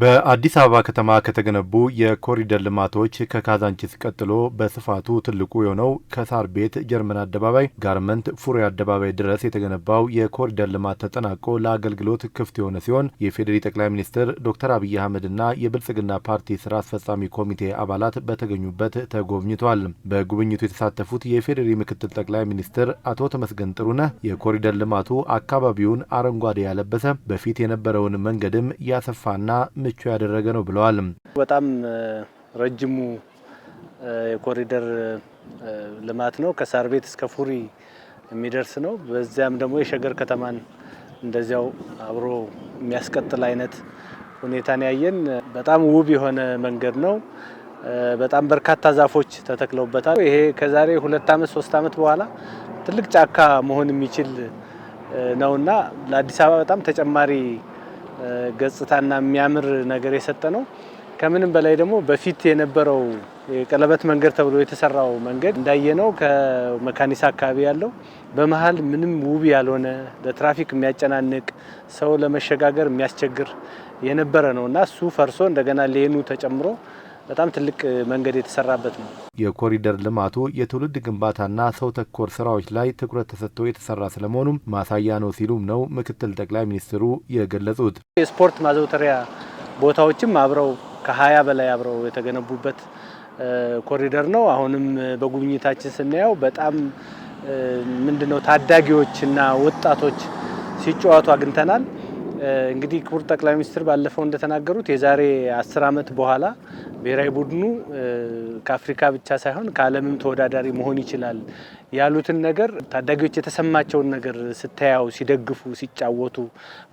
በአዲስ አበባ ከተማ ከተገነቡ የኮሪደር ልማቶች ከካዛንቺስ ቀጥሎ በስፋቱ ትልቁ የሆነው ከሳር ቤት ጀርመን አደባባይ ጋርመንት ፉሬ አደባባይ ድረስ የተገነባው የኮሪደር ልማት ተጠናቆ ለአገልግሎት ክፍት የሆነ ሲሆን የፌዴሪ ጠቅላይ ሚኒስትር ዶክተር አብይ አህመድና የብልጽግና ፓርቲ ስራ አስፈጻሚ ኮሚቴ አባላት በተገኙበት ተጎብኝቷል። በጉብኝቱ የተሳተፉት የፌዴሪ ምክትል ጠቅላይ ሚኒስትር አቶ ተመስገን ጥሩነህ የኮሪደር ልማቱ አካባቢውን አረንጓዴ ያለበሰ፣ በፊት የነበረውን መንገድም ያሰፋና ምቹ ያደረገ ነው ብለዋል። በጣም ረጅሙ የኮሪደር ልማት ነው። ከሳር ቤት እስከ ፉሪ የሚደርስ ነው። በዚያም ደግሞ የሸገር ከተማን እንደዚያው አብሮ የሚያስቀጥል አይነት ሁኔታን ያየን በጣም ውብ የሆነ መንገድ ነው። በጣም በርካታ ዛፎች ተተክለውበታል። ይሄ ከዛሬ ሁለት ዓመት ሶስት ዓመት በኋላ ትልቅ ጫካ መሆን የሚችል ነውና ለአዲስ አበባ በጣም ተጨማሪ ገጽታና የሚያምር ነገር የሰጠ ነው። ከምንም በላይ ደግሞ በፊት የነበረው የቀለበት መንገድ ተብሎ የተሰራው መንገድ እንዳየነው ከመካኒሳ አካባቢ ያለው በመሀል ምንም ውብ ያልሆነ ለትራፊክ የሚያጨናንቅ ሰው ለመሸጋገር የሚያስቸግር የነበረ ነው እና እሱ ፈርሶ እንደገና ሌኑ ተጨምሮ በጣም ትልቅ መንገድ የተሰራበት ነው። የኮሪደር ልማቱ የትውልድ ግንባታና ሰው ተኮር ስራዎች ላይ ትኩረት ተሰጥቶ የተሰራ ስለመሆኑም ማሳያ ነው ሲሉም ነው ምክትል ጠቅላይ ሚኒስትሩ የገለጹት። የስፖርት ማዘውተሪያ ቦታዎችም አብረው ከሀያ በላይ አብረው የተገነቡበት ኮሪደር ነው። አሁንም በጉብኝታችን ስናየው በጣም ምንድነው ታዳጊዎችና ወጣቶች ሲጫወቱ አግኝተናል። እንግዲህ ክቡር ጠቅላይ ሚኒስትር ባለፈው እንደተናገሩት የዛሬ አስር ዓመት በኋላ ብሔራዊ ቡድኑ ከአፍሪካ ብቻ ሳይሆን ከዓለምም ተወዳዳሪ መሆን ይችላል ያሉትን ነገር ታዳጊዎች የተሰማቸውን ነገር ስታያው ሲደግፉ፣ ሲጫወቱ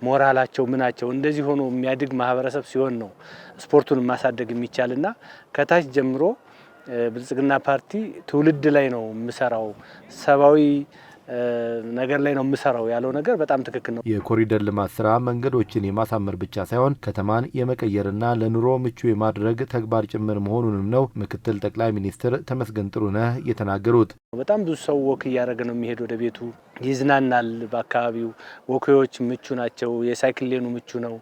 ሞራላቸው ምናቸው እንደዚህ ሆኖ የሚያድግ ማህበረሰብ ሲሆን ነው ስፖርቱን ማሳደግ የሚቻልና ከታች ጀምሮ ብልጽግና ፓርቲ ትውልድ ላይ ነው የምሰራው ሰብአዊ ነገር ላይ ነው የምሰራው ያለው ነገር በጣም ትክክል ነው። የኮሪደር ልማት ስራ መንገዶችን የማሳመር ብቻ ሳይሆን ከተማን የመቀየርና ለኑሮ ምቹ የማድረግ ተግባር ጭምር መሆኑንም ነው ምክትል ጠቅላይ ሚኒስትር ተመስገን ጥሩነህ የተናገሩት። በጣም ብዙ ሰው ወክ እያደረገ ነው የሚሄድ ወደ ቤቱ፣ ይዝናናል። በአካባቢው ወኪዎች ምቹ ናቸው። የሳይክል ሌኑ ምቹ ነው።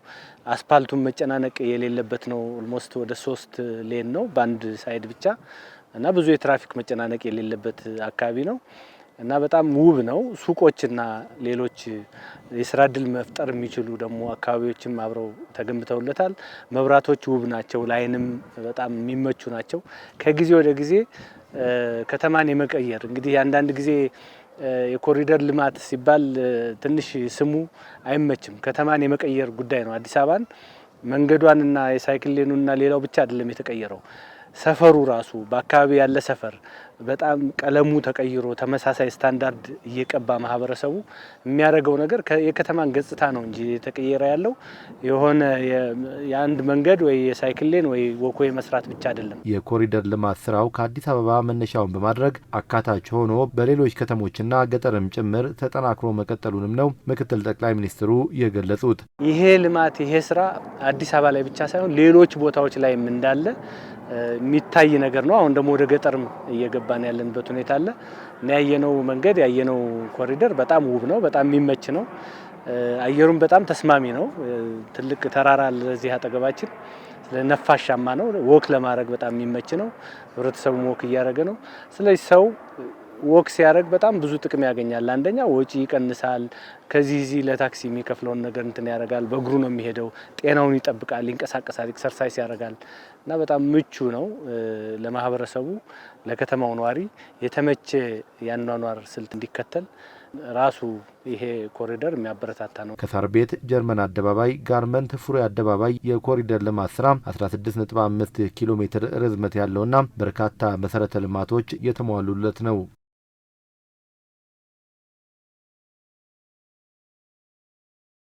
አስፓልቱን መጨናነቅ የሌለበት ነው። ኦልሞስት ወደ ሶስት ሌን ነው በአንድ ሳይድ ብቻ እና ብዙ የትራፊክ መጨናነቅ የሌለበት አካባቢ ነው። እና በጣም ውብ ነው። ሱቆችና ሌሎች የስራ እድል መፍጠር የሚችሉ ደግሞ አካባቢዎችም አብረው ተገንብተውለታል። መብራቶች ውብ ናቸው፣ ለአይንም በጣም የሚመቹ ናቸው። ከጊዜ ወደ ጊዜ ከተማን የመቀየር እንግዲህ አንዳንድ ጊዜ የኮሪደር ልማት ሲባል ትንሽ ስሙ አይመችም። ከተማን የመቀየር ጉዳይ ነው። አዲስ አበባን መንገዷንና የሳይክል ሌኑና ሌላው ብቻ አይደለም የተቀየረው ሰፈሩ ራሱ በአካባቢ ያለ ሰፈር በጣም ቀለሙ ተቀይሮ ተመሳሳይ ስታንዳርድ እየቀባ ማህበረሰቡ የሚያደርገው ነገር የከተማን ገጽታ ነው እንጂ የተቀየረ ያለው የሆነ የአንድ መንገድ ወይ የሳይክል ሌን ወይ ወኮ መስራት ብቻ አይደለም። የኮሪደር ልማት ስራው ከአዲስ አበባ መነሻውን በማድረግ አካታች ሆኖ በሌሎች ከተሞችና ገጠርም ጭምር ተጠናክሮ መቀጠሉንም ነው ምክትል ጠቅላይ ሚኒስትሩ የገለጹት። ይሄ ልማት ይሄ ስራ አዲስ አበባ ላይ ብቻ ሳይሆን ሌሎች ቦታዎች ላይም እንዳለ የሚታይ ነገር ነው። አሁን ደግሞ ወደ ገጠርም እየገባን ያለንበት ሁኔታ አለ እና ያየነው መንገድ ያየነው ኮሪደር በጣም ውብ ነው፣ በጣም የሚመች ነው። አየሩም በጣም ተስማሚ ነው። ትልቅ ተራራ ለዚህ አጠገባችን ነፋሻማ ነው። ወክ ለማድረግ በጣም የሚመች ነው። ህብረተሰቡ ወክ እያደረገ ነው። ስለዚህ ሰው ወክ ሲያደርግ በጣም ብዙ ጥቅም ያገኛል። አንደኛ ወጪ ይቀንሳል። ከዚህ ዚህ ለታክሲ የሚከፍለውን ነገር እንትን ያደርጋል። በእግሩ ነው የሚሄደው። ጤናውን ይጠብቃል፣ ይንቀሳቀሳል፣ ኤክሰርሳይስ ያደርጋል እና በጣም ምቹ ነው ለማህበረሰቡ፣ ለከተማው ነዋሪ የተመቼ ያኗኗር ስልት እንዲከተል ራሱ ይሄ ኮሪደር የሚያበረታታ ነው። ከሳር ቤት ጀርመን አደባባይ ጋርመንት ፍሩ አደባባይ የኮሪደር ልማት ስራ 16.5 ኪሎ ሜትር ርዝመት ያለውና በርካታ መሰረተ ልማቶች የተሟሉለት ነው።